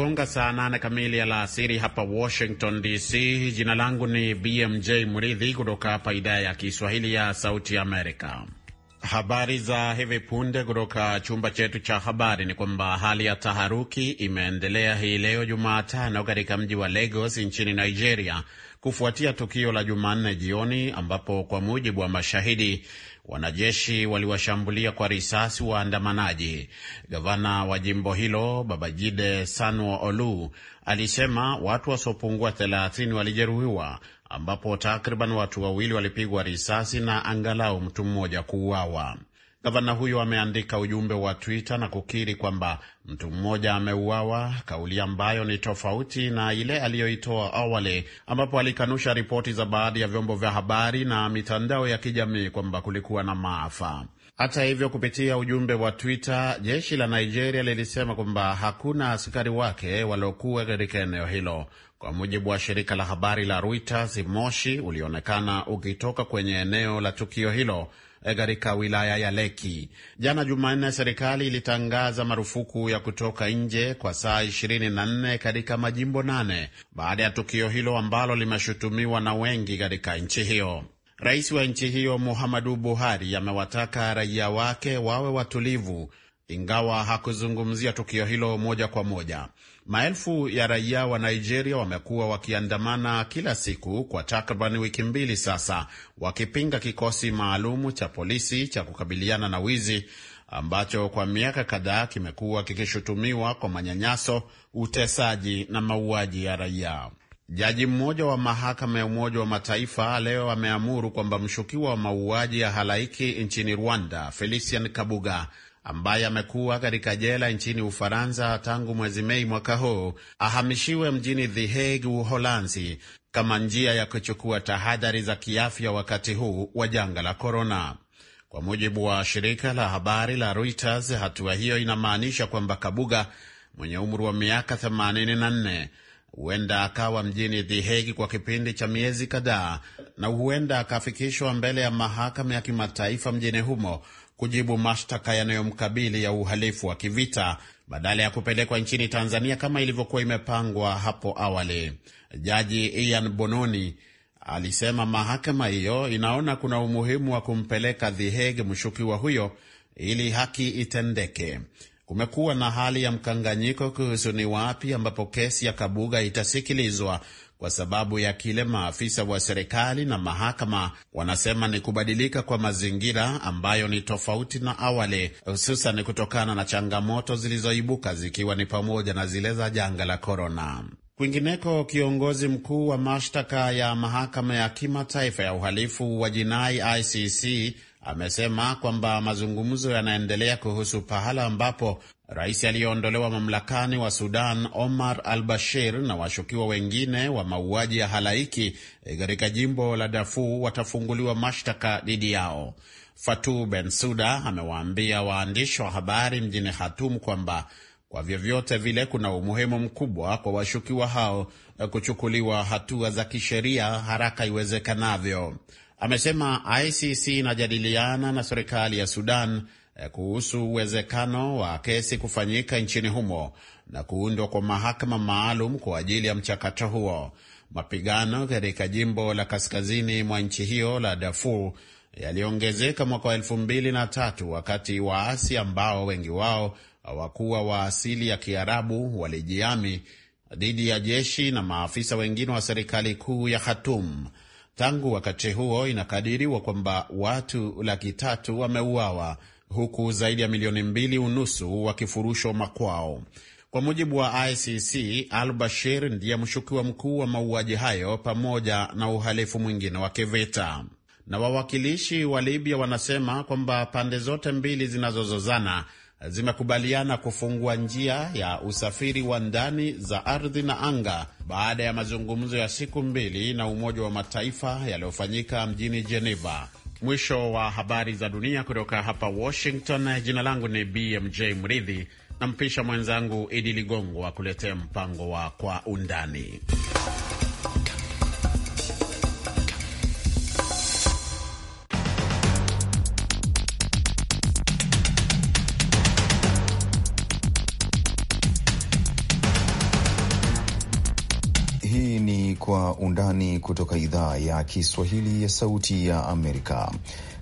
Inagonga saa nane kamili alasiri hapa Washington DC. Jina langu ni BMJ Mridhi kutoka hapa idhaa ya Kiswahili ya Sauti Amerika. Habari za hivi punde kutoka chumba chetu cha habari ni kwamba hali ya taharuki imeendelea hii leo Jumatano katika mji wa Lagos nchini Nigeria kufuatia tukio la Jumanne jioni ambapo kwa mujibu wa mashahidi Wanajeshi waliwashambulia kwa risasi waandamanaji. Gavana wa jimbo hilo Babajide Sanwo Olu alisema watu wasiopungua 30 walijeruhiwa, ambapo takriban watu wawili walipigwa risasi na angalau mtu mmoja kuuawa. Gavana huyo ameandika ujumbe wa Twitter na kukiri kwamba mtu mmoja ameuawa, kauli ambayo ni tofauti na ile aliyoitoa awali, ambapo alikanusha ripoti za baadhi ya vyombo vya habari na mitandao ya kijamii kwamba kulikuwa na maafa. Hata hivyo, kupitia ujumbe wa Twitter, jeshi la Nigeria lilisema kwamba hakuna askari wake waliokuwa katika eneo hilo. Kwa mujibu wa shirika la habari la Reuters, moshi ulionekana ukitoka kwenye eneo la tukio hilo katika wilaya ya Leki. Jana Jumanne, serikali ilitangaza marufuku ya kutoka nje kwa saa 24 katika majimbo nane baada ya tukio hilo ambalo limeshutumiwa na wengi katika nchi hiyo. Rais wa nchi hiyo Muhammadu Buhari amewataka raia wake wawe watulivu, ingawa hakuzungumzia tukio hilo moja kwa moja. Maelfu ya raia wa Nigeria wamekuwa wakiandamana kila siku kwa takriban wiki mbili sasa, wakipinga kikosi maalumu cha polisi cha kukabiliana na wizi ambacho kwa miaka kadhaa kimekuwa kikishutumiwa kwa manyanyaso, utesaji na mauaji ya raia. Jaji mmoja wa mahakama ya Umoja wa Mataifa leo ameamuru kwamba mshukiwa wa mauaji ya halaiki nchini Rwanda, Felician Kabuga ambaye amekuwa katika jela nchini Ufaransa tangu mwezi Mei mwaka huu ahamishiwe mjini The Hague, Uholanzi, kama njia ya kuchukua tahadhari za kiafya wakati huu wa janga la korona. Kwa mujibu wa shirika la habari la Reuters, hatua hiyo inamaanisha kwamba Kabuga mwenye umri wa miaka 84 huenda akawa mjini The Hague kwa kipindi cha miezi kadhaa na huenda akafikishwa mbele ya mahakama ya kimataifa mjini humo kujibu mashtaka yanayomkabili ya uhalifu wa kivita badala ya kupelekwa nchini Tanzania kama ilivyokuwa imepangwa hapo awali. Jaji Ian Bononi alisema mahakama hiyo inaona kuna umuhimu wa kumpeleka The Hague mshukiwa huyo ili haki itendeke. Kumekuwa na hali ya mkanganyiko kuhusu ni wapi ambapo kesi ya Kabuga itasikilizwa kwa sababu ya kile maafisa wa serikali na mahakama wanasema ni kubadilika kwa mazingira ambayo ni tofauti na awali, hususan kutokana na changamoto zilizoibuka zikiwa ni pamoja na zile za janga la korona. Kwingineko, kiongozi mkuu wa mashtaka ya mahakama ya kimataifa ya uhalifu wa jinai ICC amesema kwamba mazungumzo yanaendelea kuhusu pahala ambapo Rais aliyeondolewa mamlakani wa Sudan Omar al Bashir na washukiwa wengine wa mauaji ya halaiki eh, katika jimbo la Darfur watafunguliwa mashtaka dhidi yao. fatu ben suda amewaambia waandishi wa habari mjini Khartoum kwamba kwa vyovyote vile kuna umuhimu mkubwa kwa washukiwa hao eh, kuchukuliwa hatua za kisheria haraka iwezekanavyo. Amesema ICC inajadiliana na serikali ya Sudan Eh, kuhusu uwezekano wa kesi kufanyika nchini humo na kuundwa kwa mahakama maalum kwa ajili ya mchakato huo. Mapigano katika jimbo la kaskazini mwa nchi hiyo la Darfur yaliongezeka mwaka wa elfu mbili na tatu wakati waasi ambao wengi wao hawakuwa wa asili ya Kiarabu walijihami dhidi ya jeshi na maafisa wengine wa serikali kuu ya Khartoum. Tangu wakati huo inakadiriwa kwamba watu laki tatu wameuawa huku zaidi ya milioni mbili unusu wakifurushwa makwao. Kwa mujibu wa ICC, Al Bashir ndiye mshukiwa mkuu wa mauaji hayo pamoja na uhalifu mwingine wa kivita. Na wawakilishi wa Libya wanasema kwamba pande zote mbili zinazozozana zimekubaliana kufungua njia ya usafiri wa ndani za ardhi na anga baada ya mazungumzo ya siku mbili na Umoja wa Mataifa yaliyofanyika mjini Geneva. Mwisho wa habari za dunia kutoka hapa Washington. Jina langu ni BMJ Mridhi, nampisha mwenzangu Idi Ligongo akuletea mpango wa Kwa Undani. undani kutoka idhaa ya Kiswahili ya Sauti ya Amerika.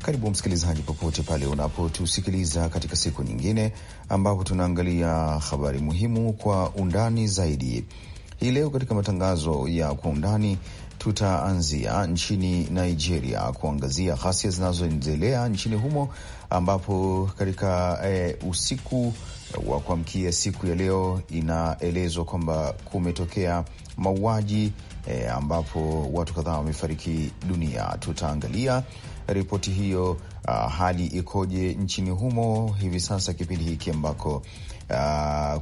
Karibu msikilizaji, popote pale unapotusikiliza katika siku nyingine ambapo tunaangalia habari muhimu kwa undani zaidi. Hii leo katika matangazo ya kwa undani tutaanzia nchini Nigeria kuangazia ghasia zinazoendelea nchini humo ambapo katika e, usiku wa kuamkia siku ya leo inaelezwa kwamba kumetokea mauaji e, ambapo watu kadhaa wamefariki dunia. Tutaangalia ripoti hiyo, a, hali ikoje nchini humo hivi sasa, kipindi hiki ambako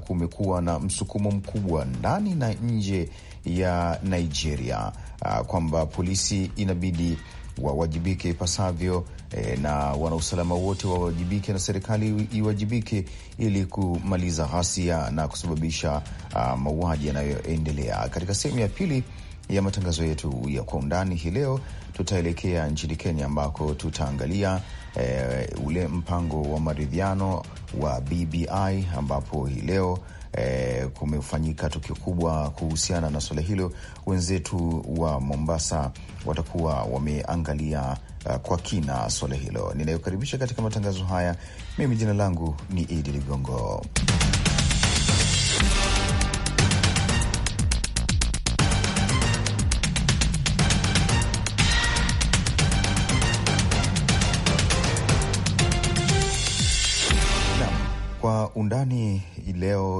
kumekuwa na msukumo mkubwa ndani na nje ya Nigeria kwamba polisi inabidi wawajibike ipasavyo e, na wanausalama wote wawajibike na serikali iwajibike ili kumaliza ghasia na kusababisha mauaji yanayoendelea. Katika sehemu ya pili ya matangazo yetu ya kwa undani hii leo, tutaelekea nchini Kenya ambako tutaangalia e, ule mpango wa maridhiano wa BBI ambapo hii leo e, kumefanyika tukio kubwa kuhusiana na suala hilo. Wenzetu wa Mombasa watakuwa wameangalia uh, kwa kina suala hilo. Ninayokaribisha katika matangazo haya, mimi jina langu ni Idi Ligongo.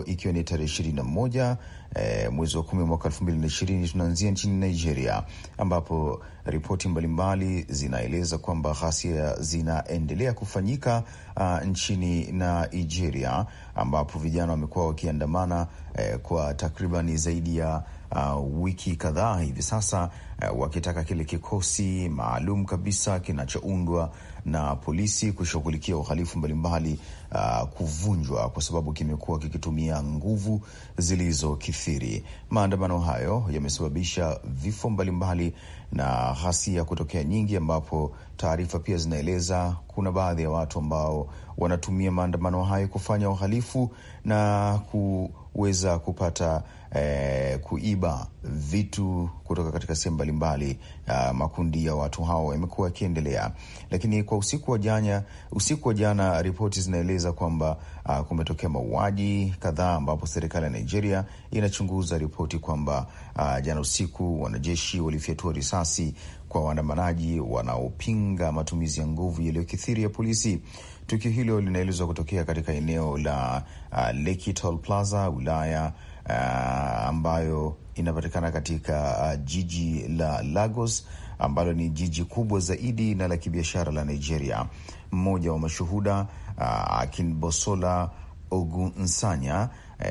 ikiwa ni tarehe ishirini na moja e, mwezi wa kumi mwaka elfu mbili na ishirini. Tunaanzia nchini Nigeria ambapo ripoti mbalimbali zinaeleza kwamba ghasia zinaendelea kufanyika uh, nchini Nigeria ambapo vijana wamekuwa wakiandamana eh, kwa takribani zaidi ya uh, wiki kadhaa hivi sasa uh, wakitaka kile kikosi maalum kabisa kinachoundwa na polisi kushughulikia uhalifu mbalimbali uh, kuvunjwa kwa sababu kimekuwa kikitumia nguvu zilizokithiri. Maandamano hayo yamesababisha vifo mbalimbali na ghasia kutokea nyingi, ambapo taarifa pia zinaeleza kuna baadhi ya watu ambao wanatumia maandamano hayo kufanya uhalifu na ku kuweza kupata eh, kuiba vitu kutoka katika sehemu mbalimbali. Uh, makundi ya watu hao yamekuwa yakiendelea, lakini kwa usiku wa jana, usiku wa jana ripoti zinaeleza kwamba uh, kumetokea mauaji kadhaa, ambapo serikali ya Nigeria inachunguza ripoti kwamba uh, jana usiku wanajeshi walifyatua risasi kwa waandamanaji wanaopinga matumizi ya nguvu yaliyokithiri ya polisi Tukio hilo linaelezwa kutokea katika eneo la uh, Lekki Toll Plaza wilaya uh, ambayo inapatikana katika uh, jiji la Lagos ambalo ni jiji kubwa zaidi na la kibiashara la Nigeria. Mmoja wa mashuhuda uh, Akinbosola Ogunsanya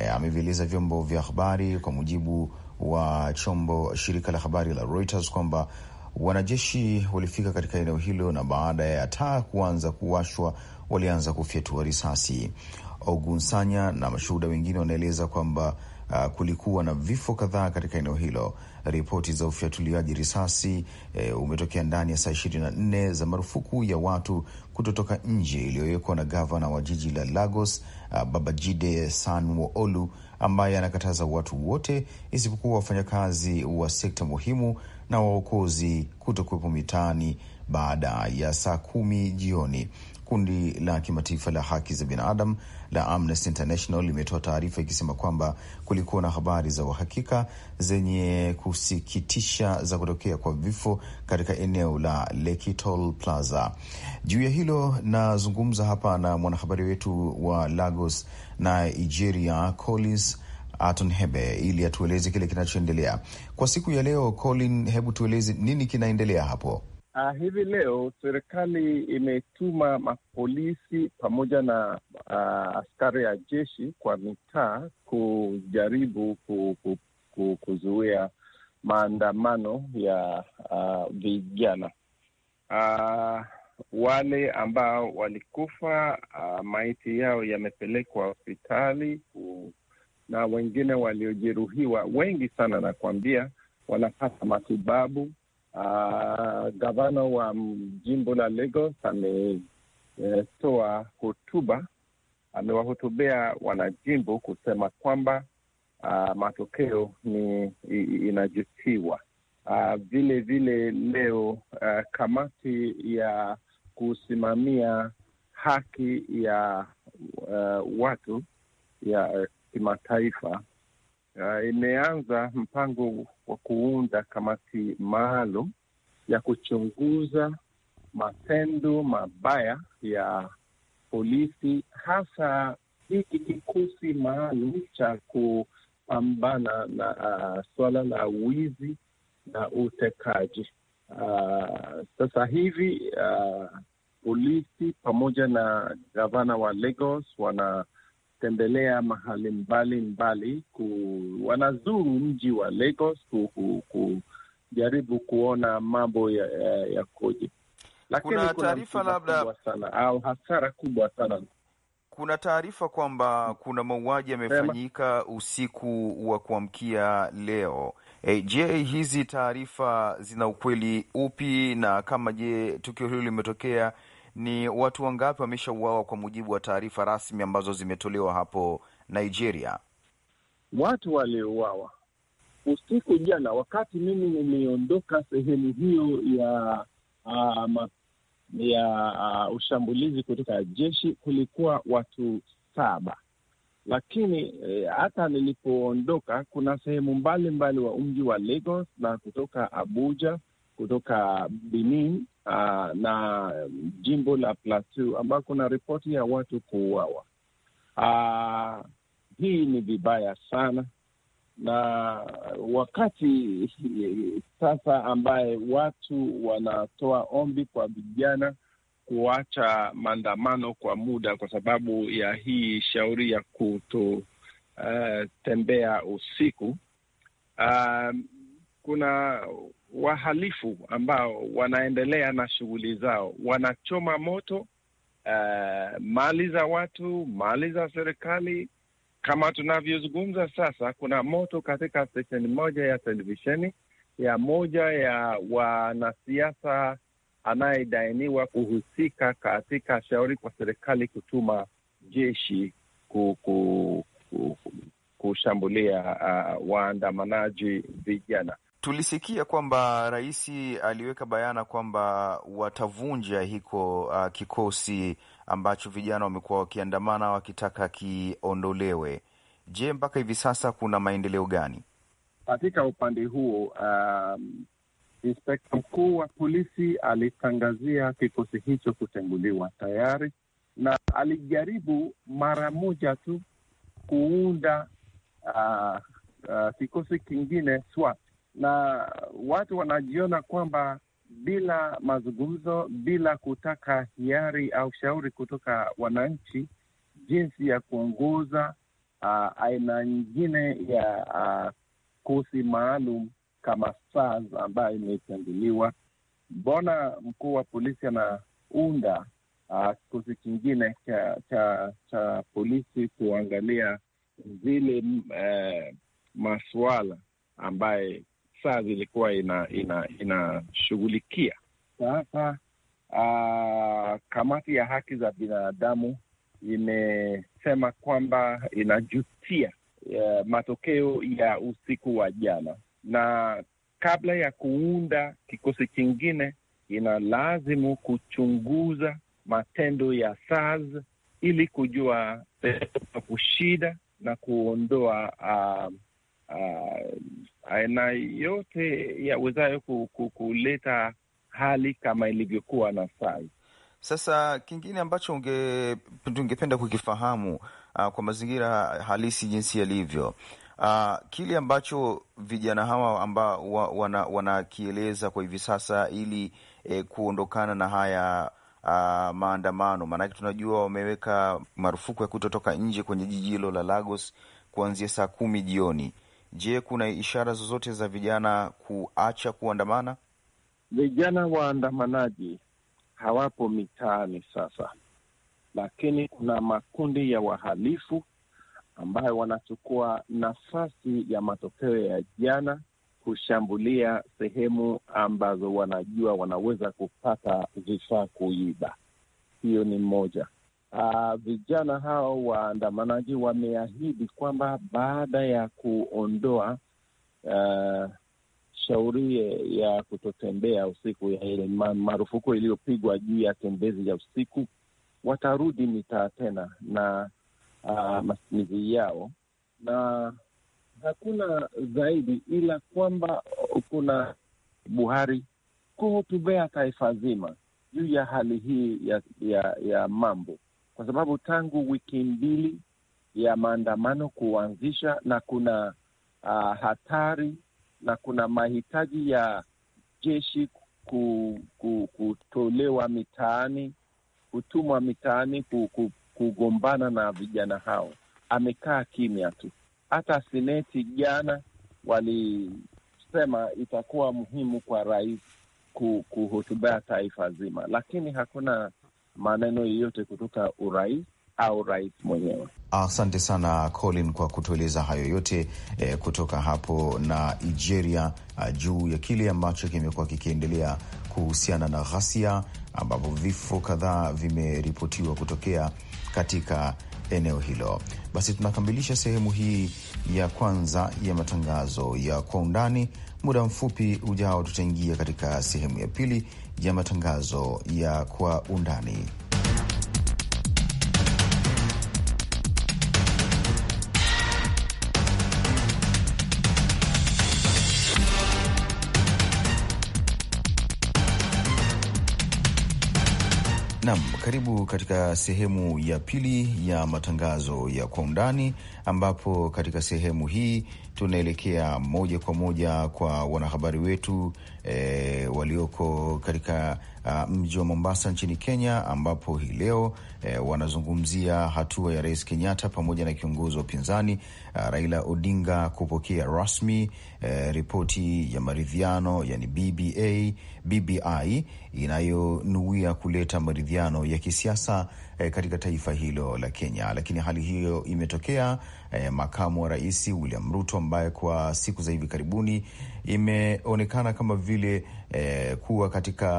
uh, amevieleza vyombo vya habari kwa mujibu wa chombo shirika la habari la Reuters kwamba wanajeshi walifika katika eneo hilo na baada ya taa kuanza kuwashwa walianza kufyatua risasi. Ogunsanya na mashuhuda wengine wanaeleza kwamba Uh, kulikuwa na vifo kadhaa katika eneo hilo. Ripoti za ufyatuliaji risasi e, umetokea ndani ya saa ishirini na nne za marufuku ya watu kutotoka nje iliyowekwa na gavana wa jiji la Lagos, uh, Babajide Sanwo-Olu ambaye anakataza watu wote isipokuwa wafanyakazi wa sekta muhimu na waokozi kutokuwepo mitaani baada ya saa kumi jioni. Kundi la kimataifa la haki za binadamu la Amnesty International limetoa taarifa ikisema kwamba kulikuwa na habari za uhakika zenye kusikitisha za kutokea kwa vifo katika eneo la Lekitol Plaza. Juu ya hilo, nazungumza hapa na mwanahabari wetu wa Lagos, Nigeria, Collins Aton Hebe ili atueleze kile kinachoendelea kwa siku ya leo. Colin, hebu tueleze nini kinaendelea hapo? Uh, hivi leo serikali imetuma mapolisi pamoja na uh, askari ya jeshi kwa mitaa kujaribu ku, ku, ku, kuzuia maandamano ya uh, vijana uh, wale ambao walikufa uh, maiti yao yamepelekwa hospitali uh, na wengine waliojeruhiwa wengi sana, nakuambia wanapata matibabu Uh, gavana wa jimbo la Lagos ametoa hotuba, amewahutubia wanajimbo kusema kwamba uh, matokeo ni inajutiwa. Uh, vile vile leo uh, kamati ya kusimamia haki ya uh, watu ya uh, kimataifa uh, imeanza mpango wa kuunda kamati maalum ya kuchunguza matendo mabaya ya polisi, hasa hiki kikosi maalum cha kupambana na uh, ah, suala la wizi na utekaji. Uh, sasa hivi uh, polisi pamoja na gavana wa Lagos wana tembelea mahali mbali mbali ku, wanazuru mji wa Lagos kujaribu ku, ku, kuona mambo yakoje ya ya lakini kuna taarifa labda sana au hasara kubwa sana. Kuna taarifa kwamba kuna mauaji yamefanyika usiku wa kuamkia leo. E, je, hizi taarifa zina ukweli upi? Na kama je, tukio hilo limetokea ni watu wangapi wameshauawa kwa mujibu wa taarifa rasmi ambazo zimetolewa hapo Nigeria? Watu waliouawa usiku jana, wakati mimi nimeondoka sehemu hiyo ya uh, ma, ya uh, ushambulizi kutoka jeshi, kulikuwa watu saba, lakini eh, hata nilipoondoka kuna sehemu mbalimbali wa mji wa Lagos na kutoka Abuja kutoka Benin uh, na jimbo la Plateau ambao kuna ripoti ya watu kuuawa. Uh, hii ni vibaya sana, na wakati sasa ambaye watu wanatoa ombi kwa vijana kuacha maandamano kwa muda kwa sababu ya hii shauri ya kutotembea eh, uh, usiku uh, kuna wahalifu ambao wanaendelea na shughuli zao, wanachoma moto uh, mali za watu, mali za serikali. Kama tunavyozungumza sasa, kuna moto katika stesheni moja ya televisheni ya moja ya wanasiasa anayedainiwa kuhusika katika shauri kwa serikali kutuma jeshi ku, ku, ku, ku, kushambulia uh, waandamanaji vijana tulisikia kwamba rais aliweka bayana kwamba watavunja hiko uh, kikosi ambacho vijana wamekuwa wakiandamana wakitaka kiondolewe. Je, mpaka hivi sasa kuna maendeleo gani katika upande huo? Um, inspekta mkuu wa polisi alitangazia kikosi hicho kutenguliwa tayari, na alijaribu mara moja tu kuunda uh, uh, kikosi kingine SWAT na watu wanajiona kwamba bila mazungumzo, bila kutaka hiari au shauri kutoka wananchi, jinsi ya kuongoza uh, aina nyingine ya uh, kosi maalum kama SARS ambayo imechanguliwa, Mbona mkuu wa polisi anaunda uh, kikosi kingine cha, cha, cha polisi kuangalia zile uh, e, masuala ambaye SARS ilikuwa inashughulikia ina, ina sasa. Uh, kamati ya haki za binadamu imesema kwamba inajutia uh, matokeo ya usiku wa jana, na kabla ya kuunda kikosi chingine inalazimu kuchunguza matendo ya SARS ili kujua kushida na kuondoa uh, uh, Eh, na yote yawezayo kuleta hali kama ilivyokuwa na sai. Sasa kingine ambacho tungependa kukifahamu uh, kwa mazingira halisi jinsi yalivyo, uh, kile ambacho vijana hawa ambao wanakieleza wana kwa hivi sasa ili eh, kuondokana na haya uh, maandamano, maanake tunajua wameweka marufuku ya kutotoka nje kwenye jiji hilo la Lagos kuanzia saa kumi jioni. Je, kuna ishara zozote za vijana kuacha kuandamana? Vijana waandamanaji hawapo mitaani sasa, lakini kuna makundi ya wahalifu ambayo wanachukua nafasi ya matokeo ya jana kushambulia sehemu ambazo wanajua wanaweza kupata vifaa kuiba. Hiyo ni moja uh, vijana hao waandamanaji wameahidi kwamba baada ya kuondoa uh, shauri ya kutotembea usiku ya ile marufuku iliyopigwa juu ya tembezi ya usiku, watarudi mitaa tena na uh, matumizi yao, na hakuna zaidi ila kwamba kuna Buhari kuhutubea taifa zima juu ya hali hii ya, ya, ya mambo kwa sababu tangu wiki mbili ya maandamano kuanzisha na kuna uh, hatari na kuna mahitaji ya jeshi ku, ku, kutolewa mitaani, kutumwa mitaani ku, ku, kugombana na vijana hao. Amekaa kimya tu. Hata seneti jana walisema itakuwa muhimu kwa rais kuhutubia taifa zima, lakini hakuna maneno yoyote kutoka urais au rais mwenyewe. Asante sana Colin kwa kutueleza hayo yote eh, kutoka hapo na Nigeria uh, juu ya kile ambacho kimekuwa kikiendelea kuhusiana na ghasia ambapo vifo kadhaa vimeripotiwa kutokea katika eneo hilo. Basi tunakamilisha sehemu hii ya kwanza ya matangazo ya kwa undani. Muda mfupi ujao, tutaingia katika sehemu ya pili ya matangazo ya kwa undani. Nam, karibu katika sehemu ya pili ya matangazo ya kwa undani, ambapo katika sehemu hii tunaelekea moja kwa moja kwa wanahabari wetu e, walioko katika uh, mji wa Mombasa nchini Kenya, ambapo hii leo e, wanazungumzia hatua ya Rais Kenyatta pamoja na kiongozi wa upinzani uh, Raila Odinga kupokea rasmi e, ripoti ya maridhiano yani BBA, BBI inayonuia kuleta maridhiano ya kisiasa e, katika taifa hilo la Kenya. Lakini hali hiyo imetokea e, makamu wa rais William Ruto ambaye kwa siku za hivi karibuni imeonekana kama vile e, kuwa katika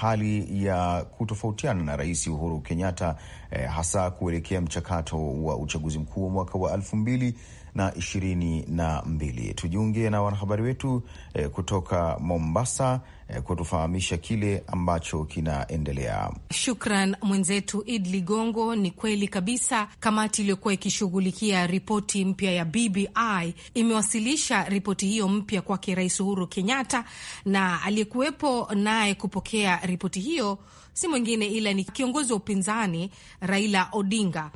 hali ya kutofautiana na rais Uhuru Kenyatta e, hasa kuelekea mchakato wa uchaguzi mkuu wa mwaka wa elfu mbili na ishirini na mbili. Tujiunge na wanahabari wetu eh, kutoka Mombasa eh, kutufahamisha kile ambacho kinaendelea. Shukran mwenzetu Id Ligongo. Ni kweli kabisa, kamati iliyokuwa ikishughulikia ripoti mpya ya BBI imewasilisha ripoti hiyo mpya kwake Rais Uhuru Kenyatta, na aliyekuwepo naye kupokea ripoti hiyo si mwingine ila ni kiongozi wa upinzani Raila Odinga.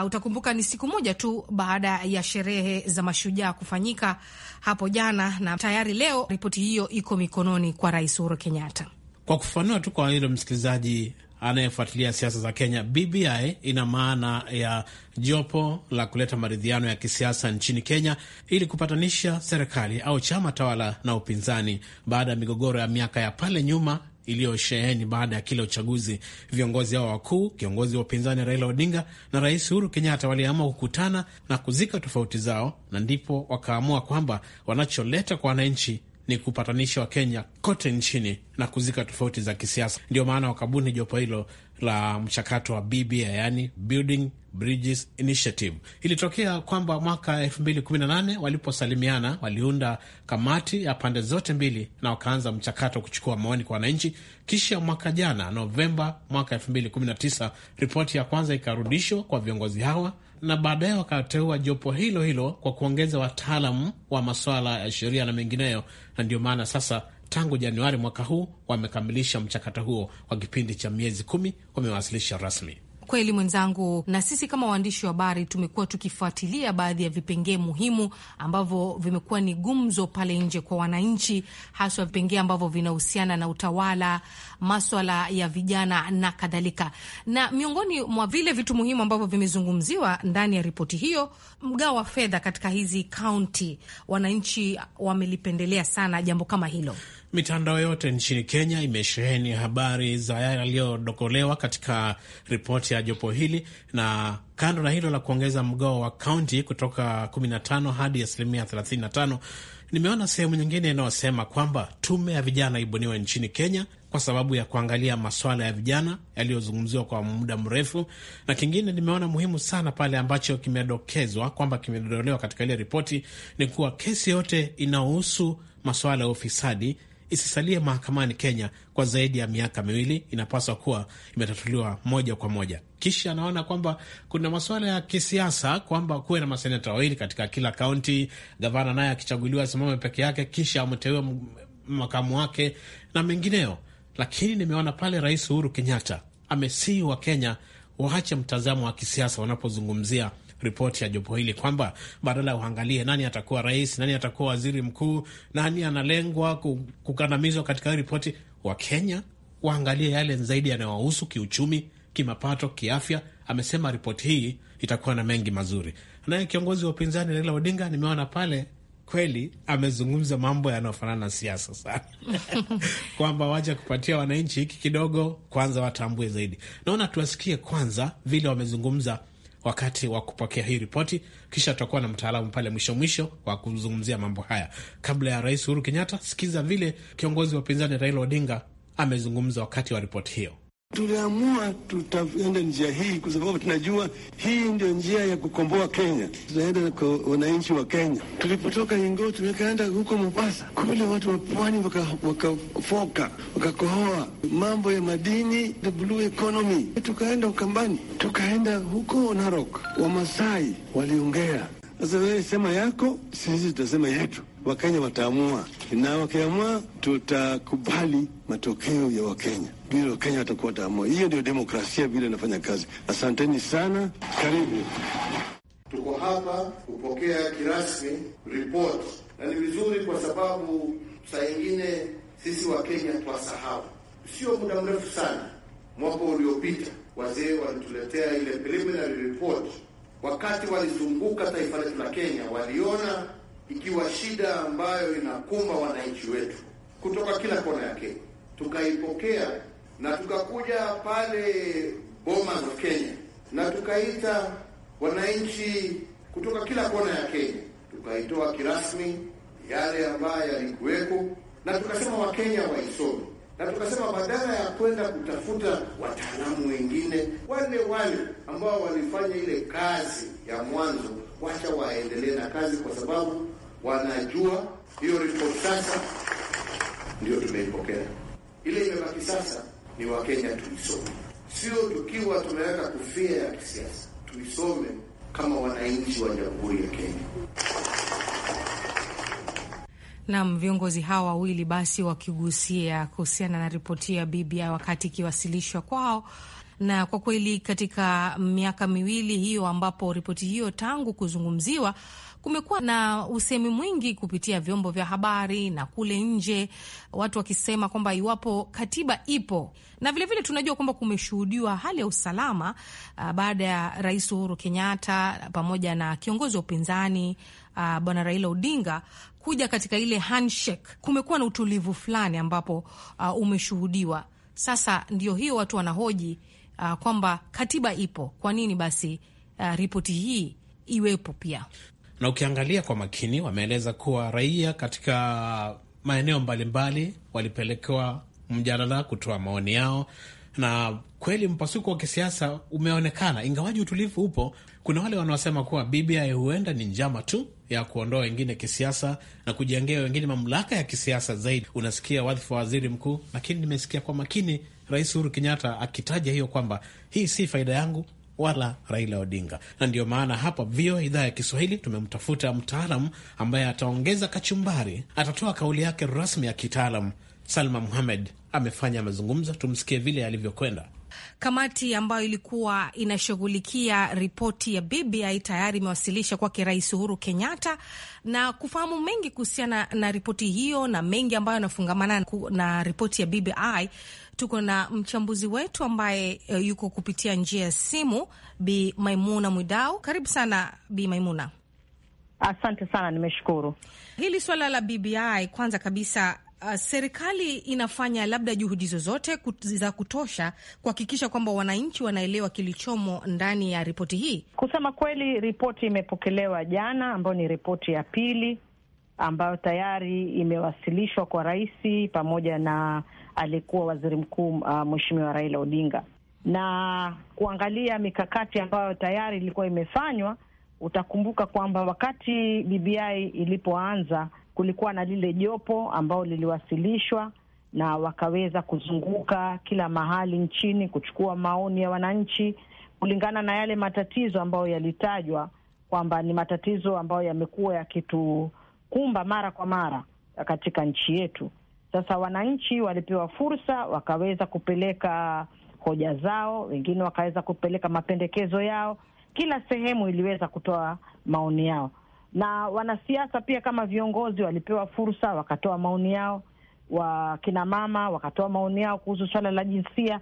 Uh, utakumbuka ni siku moja tu baada ya sherehe za mashujaa kufanyika hapo jana, na tayari leo ripoti hiyo iko mikononi kwa Rais Uhuru Kenyatta. Kwa kufafanua tu kwa ilo msikilizaji anayefuatilia siasa za Kenya, BBI ina maana ya jopo la kuleta maridhiano ya kisiasa nchini Kenya ili kupatanisha serikali au chama tawala na upinzani baada ya migogoro ya miaka ya pale nyuma iliyosheheni baada ya kila uchaguzi. Viongozi hao wakuu, kiongozi wa upinzani Raila Odinga na Rais Uhuru Kenyatta, waliamua kukutana na kuzika tofauti zao, na ndipo wakaamua kwamba wanacholeta kwa wananchi ni kupatanisha Wakenya kote nchini na kuzika tofauti za kisiasa. Ndio maana wakabuni jopo hilo la mchakato wa BBI, yani building Bridges Initiative. Ilitokea kwamba mwaka 2018 waliposalimiana, waliunda kamati ya pande zote mbili na wakaanza mchakato wa kuchukua maoni kwa wananchi. Kisha mwaka jana Novemba mwaka 2019 ripoti ya kwanza ikarudishwa kwa viongozi hawa na baadaye wakateua jopo hilo hilo kwa kuongeza wataalamu wa masuala ya sheria na mengineyo, na ndio maana sasa tangu Januari mwaka huu wamekamilisha mchakato huo kwa kipindi cha miezi kumi, wamewasilisha rasmi. Kweli mwenzangu, na sisi kama waandishi wa habari tumekuwa tukifuatilia baadhi ya vipengee muhimu ambavyo vimekuwa ni gumzo pale nje kwa wananchi, haswa vipengee ambavyo vinahusiana na utawala maswala ya vijana na kadhalika. Na miongoni mwa vile vitu muhimu ambavyo vimezungumziwa ndani ya ripoti hiyo, mgao wa fedha katika hizi kaunti, wananchi wamelipendelea sana jambo kama hilo. Mitandao yote nchini Kenya imesheheni habari za yaliyodokolewa katika ripoti ya jopo hili, na kando na hilo la kuongeza mgao wa kaunti kutoka 15 hadi asilimia 35, nimeona sehemu nyingine inayosema kwamba tume ya vijana ibuniwe nchini Kenya kwa sababu ya kuangalia maswala ya vijana yaliyozungumziwa kwa muda mrefu, na kingine nimeona muhimu sana pale ambacho kimedokezwa kwamba kimedodolewa katika ile ripoti ni kuwa kesi yote inayohusu maswala ya ufisadi isisalie mahakamani Kenya kwa zaidi ya miaka miwili, inapaswa kuwa imetatuliwa moja kwa moja. Kisha anaona kwamba kuna masuala ya kisiasa, kwamba kuwe na maseneta wawili katika kila kaunti, gavana naye akichaguliwa asimame peke yake, kisha amteue makamu wake na mengineo lakini nimeona pale Rais Uhuru Kenyatta amesihi wa Kenya waache mtazamo wa kisiasa wanapozungumzia ripoti ya jopo hili kwamba badala ya uangalie nani atakuwa rais, nani atakuwa waziri mkuu, nani analengwa kukandamizwa katika ripoti, Wakenya waangalie yale zaidi yanayowahusu kiuchumi, kimapato, kiafya. Amesema ripoti hii itakuwa na mengi mazuri. Naye kiongozi wa upinzani Raila Odinga nimeona pale kweli amezungumza mambo yanayofanana na siasa sana kwamba waja kupatia wananchi hiki kidogo kwanza, watambue zaidi. Naona tuwasikie kwanza vile wamezungumza wakati wa kupokea hii ripoti, kisha tutakuwa na mtaalamu pale mwisho mwisho wa kuzungumzia mambo haya kabla ya Rais Uhuru Kenyatta. Sikiza vile kiongozi wa upinzani Raila Odinga amezungumza wakati wa ripoti hiyo. Tuliamua tutaenda njia hii kwa sababu tunajua hii ndio njia ya kukomboa Kenya. tutaenda kwa wananchi wa Kenya. Tulipotoka Ingo tukaenda huko Mombasa, kule watu wa pwani wakafoka, wakakohoa mambo ya madini, the blue economy. Tukaenda Ukambani, tukaenda huko Narok, Wamasai waliongea. Sasa wewe sema yako, sisi tutasema yetu. Wakenya wataamua, na wakiamua tutakubali matokeo ya Wakenya vile Wakenya watakuwa wataamua. Hiyo ndio demokrasia vile inafanya kazi. Asanteni sana, karibu. Tuko hapa kupokea kirasmi ripot na ni vizuri kwa sababu saa ingine sisi Wakenya twasahau. Sio muda mrefu sana, mwaka uliopita, wazee walituletea ile preliminary report. Wakati walizunguka taifa letu la Kenya, waliona ikiwa shida ambayo inakumba wananchi wetu kutoka kila kona ya Kenya, tukaipokea na tukakuja pale boma za Kenya na tukaita wananchi kutoka kila kona ya Kenya, tukaitoa kirasmi yale ambayo yalikuweko, na tukasema Wakenya waisome, na tukasema badala ya kwenda kutafuta wataalamu wengine, wale wale ambao walifanya ile kazi ya mwanzo, wacha waendelee na kazi, kwa sababu wanajua hiyo ripoti. Sasa ndio tumeipokea ile, imebaki sasa ni Wakenya tuisome, sio tukiwa tumeweka kufia ya kisiasa, tuisome kama wananchi wa Jamhuri ya Kenya. Nam viongozi hawa wawili basi wakigusia kuhusiana na ripoti ya BBI wakati ikiwasilishwa kwao na kwa kweli katika miaka miwili hiyo ambapo ripoti hiyo tangu kuzungumziwa kumekuwa na usemi mwingi kupitia vyombo vya habari na kule nje, watu wakisema kwamba iwapo katiba ipo na vilevile vile tunajua kwamba kumeshuhudiwa hali ya usalama uh, baada ya Rais Uhuru Kenyatta pamoja na kiongozi wa upinzani uh, Bwana Raila Odinga kuja katika ile handshake. Kumekuwa na utulivu fulani ambapo uh, umeshuhudiwa. Sasa ndio hiyo watu wanahoji uh, kwamba katiba ipo, kwa nini basi uh, ripoti hii iwepo pia? na ukiangalia kwa makini, wameeleza kuwa raia katika maeneo mbalimbali walipelekewa mjadala kutoa maoni yao, na kweli mpasuko wa kisiasa umeonekana, ingawaji utulivu upo. Kuna wale wanaosema kuwa BBI huenda ni njama tu ya kuondoa wengine kisiasa na kujengea wengine mamlaka ya kisiasa zaidi. Unasikia wadhifa wa waziri mkuu, lakini nimesikia kwa makini Rais Uhuru Kenyatta akitaja hiyo kwamba hii si faida yangu, wala Raila Odinga. Na ndiyo maana hapa VOA idhaa ya Kiswahili tumemtafuta mtaalamu ambaye ataongeza kachumbari, atatoa kauli yake rasmi ya kitaalam. Salma Muhamed amefanya mazungumzo, tumsikie vile alivyokwenda. Kamati ambayo ilikuwa inashughulikia ripoti ya BBI tayari imewasilisha kwake Rais Uhuru Kenyatta na kufahamu mengi kuhusiana na ripoti hiyo na mengi ambayo yanafungamana na, na ripoti ya BBI. Tuko na mchambuzi wetu ambaye eh, yuko kupitia njia ya simu, Bi Maimuna Mwidau. Karibu sana Bi Maimuna. Asante sana, nimeshukuru. Hili suala la BBI, kwanza kabisa uh, serikali inafanya labda juhudi zozote kut, za kutosha kuhakikisha kwamba wananchi wanaelewa kilichomo ndani ya ripoti hii? Kusema kweli, ripoti imepokelewa jana, ambayo ni ripoti ya pili ambayo tayari imewasilishwa kwa rais pamoja na aliyekuwa waziri mkuu uh, Mheshimiwa Raila Odinga, na kuangalia mikakati ambayo tayari ilikuwa imefanywa. Utakumbuka kwamba wakati BBI ilipoanza kulikuwa na lile jopo ambao liliwasilishwa na wakaweza kuzunguka kila mahali nchini kuchukua maoni ya wananchi kulingana na yale matatizo ambayo yalitajwa kwamba ni matatizo ambayo yamekuwa yakitukumba mara kwa mara katika nchi yetu. Sasa wananchi walipewa fursa, wakaweza kupeleka hoja zao, wengine wakaweza kupeleka mapendekezo yao. Kila sehemu iliweza kutoa maoni yao na wanasiasa pia kama viongozi walipewa fursa, wakatoa maoni yao, wakinamama wakatoa maoni yao kuhusu swala la jinsia.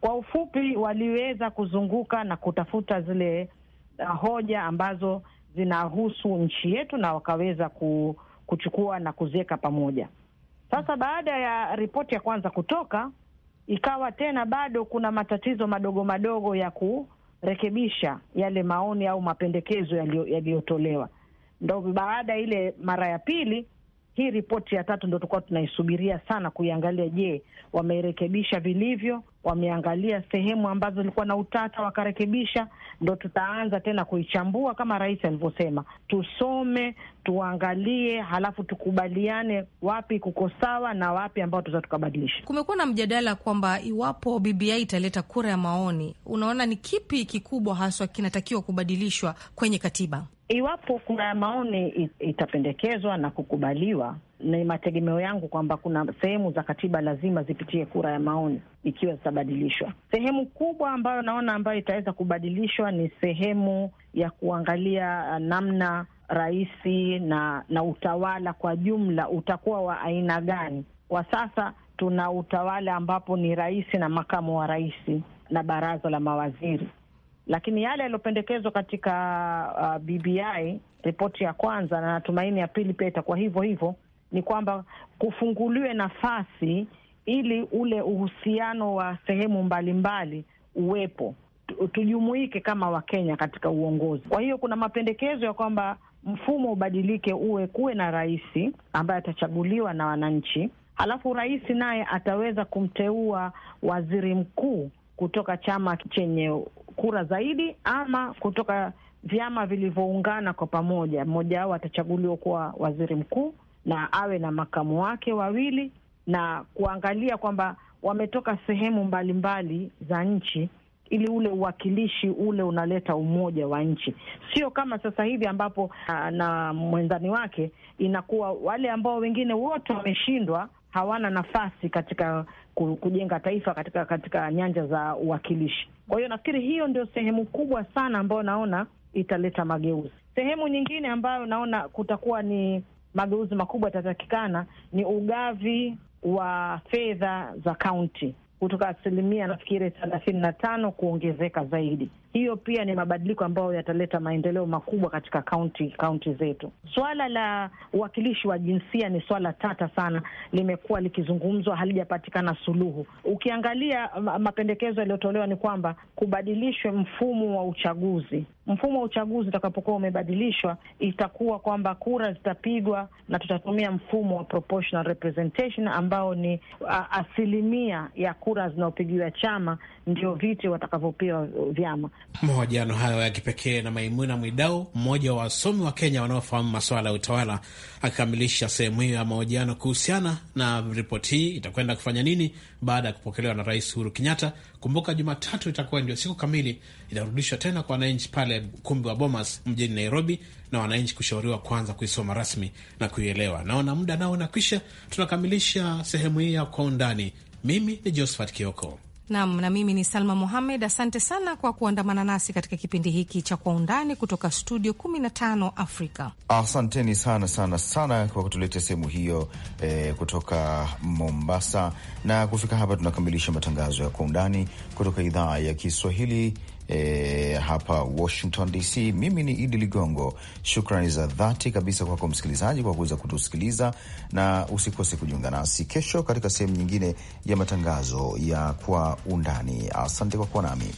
Kwa ufupi, waliweza kuzunguka na kutafuta zile uh, hoja ambazo zinahusu nchi yetu na wakaweza kuchukua na kuziweka pamoja. Sasa baada ya ripoti ya kwanza kutoka, ikawa tena bado kuna matatizo madogo madogo ya kurekebisha yale maoni au mapendekezo yaliyotolewa ndo baada ile mara ya pili hii ripoti ya tatu ndo tukuwa tunaisubiria sana kuiangalia. Je, wamerekebisha vilivyo? wameangalia sehemu ambazo zilikuwa na utata wakarekebisha, ndo tutaanza tena kuichambua kama rais alivyosema, tusome, tuangalie, halafu tukubaliane wapi kuko sawa na wapi ambao tuza tukabadilisha. Kumekuwa na mjadala kwamba iwapo BBI italeta kura ya maoni, unaona ni kipi kikubwa haswa kinatakiwa kubadilishwa kwenye katiba? Iwapo kura ya maoni itapendekezwa na kukubaliwa, ni mategemeo yangu kwamba kuna sehemu za katiba lazima zipitie kura ya maoni ikiwa zitabadilishwa. Sehemu kubwa ambayo naona ambayo itaweza kubadilishwa ni sehemu ya kuangalia uh, namna raisi na na utawala kwa jumla utakuwa wa aina gani. Kwa sasa tuna utawala ambapo ni rais na makamu wa rais na baraza la mawaziri, lakini yale yaliyopendekezwa katika uh, BBI ripoti ya kwanza na natumaini ya pili pia itakuwa hivyo hivyo, ni kwamba kufunguliwe nafasi ili ule uhusiano wa sehemu mbalimbali uwepo, tujumuike kama Wakenya katika uongozi. Kwa hiyo kuna mapendekezo ya kwamba mfumo ubadilike, uwe kuwe na rais ambaye atachaguliwa na wananchi, halafu rais naye ataweza kumteua waziri mkuu kutoka chama chenye kura zaidi ama kutoka vyama vilivyoungana kwa pamoja. Mmoja wao atachaguliwa kuwa waziri mkuu na awe na makamu wake wawili na kuangalia kwamba wametoka sehemu mbalimbali za nchi ili ule uwakilishi ule unaleta umoja wa nchi, sio kama sasa hivi ambapo ah, na mwenzani wake inakuwa wale ambao wengine wote wameshindwa, hawana nafasi katika kujenga taifa katika katika nyanja za uwakilishi. Kwa hiyo nafikiri hiyo ndio sehemu kubwa sana ambayo naona italeta mageuzi. Sehemu nyingine ambayo naona kutakuwa ni mageuzi makubwa yatatakikana ni ugavi wa fedha za kaunti kutoka asilimia nafikiri thelathini na tano kuongezeka zaidi hiyo pia ni mabadiliko ambayo yataleta maendeleo makubwa katika kaunti kaunti zetu. Swala la uwakilishi wa jinsia ni swala tata sana, limekuwa likizungumzwa, halijapatikana suluhu. Ukiangalia mapendekezo yaliyotolewa ni kwamba kubadilishwe mfumo wa uchaguzi. Mfumo wa uchaguzi utakapokuwa umebadilishwa, itakuwa kwamba kura zitapigwa na tutatumia mfumo wa proportional representation ambao ni asilimia ya kura zinazopigiwa chama ndio viti watakavyopewa vyama. Mahojiano hayo ya kipekee na Maimuna Mwidau, mmoja wa wasomi wa Kenya wanaofahamu masuala ya utawala, akikamilisha sehemu hiyo ya mahojiano kuhusiana na ripoti hii itakwenda kufanya nini baada ya kupokelewa na Rais Uhuru Kenyatta. Kumbuka Jumatatu itakuwa ndio siku kamili itarudishwa tena kwa wananchi pale ukumbi wa Bomas mjini Nairobi, na wananchi kushauriwa kwanza kuisoma rasmi na kuielewa. Naona muda nao unakwisha, tunakamilisha sehemu hii ya kwa undani. Mimi ni Josephat Kioko. Nam na mimi ni Salma Mohamed. Asante sana kwa kuandamana nasi katika kipindi hiki cha Kwa Undani kutoka studio 15 Afrika. Asanteni sana sana sana kwa kutuletea sehemu hiyo eh, kutoka Mombasa. Na kufika hapa tunakamilisha matangazo ya Kwa Undani kutoka idhaa ya Kiswahili E, hapa Washington DC. Mimi ni Idi Ligongo, shukrani za dhati kabisa kwako msikilizaji kwa kuweza kutusikiliza, na usikose kujiunga nasi kesho katika sehemu nyingine ya matangazo ya Kwa Undani. Asante kwa kuwa nami.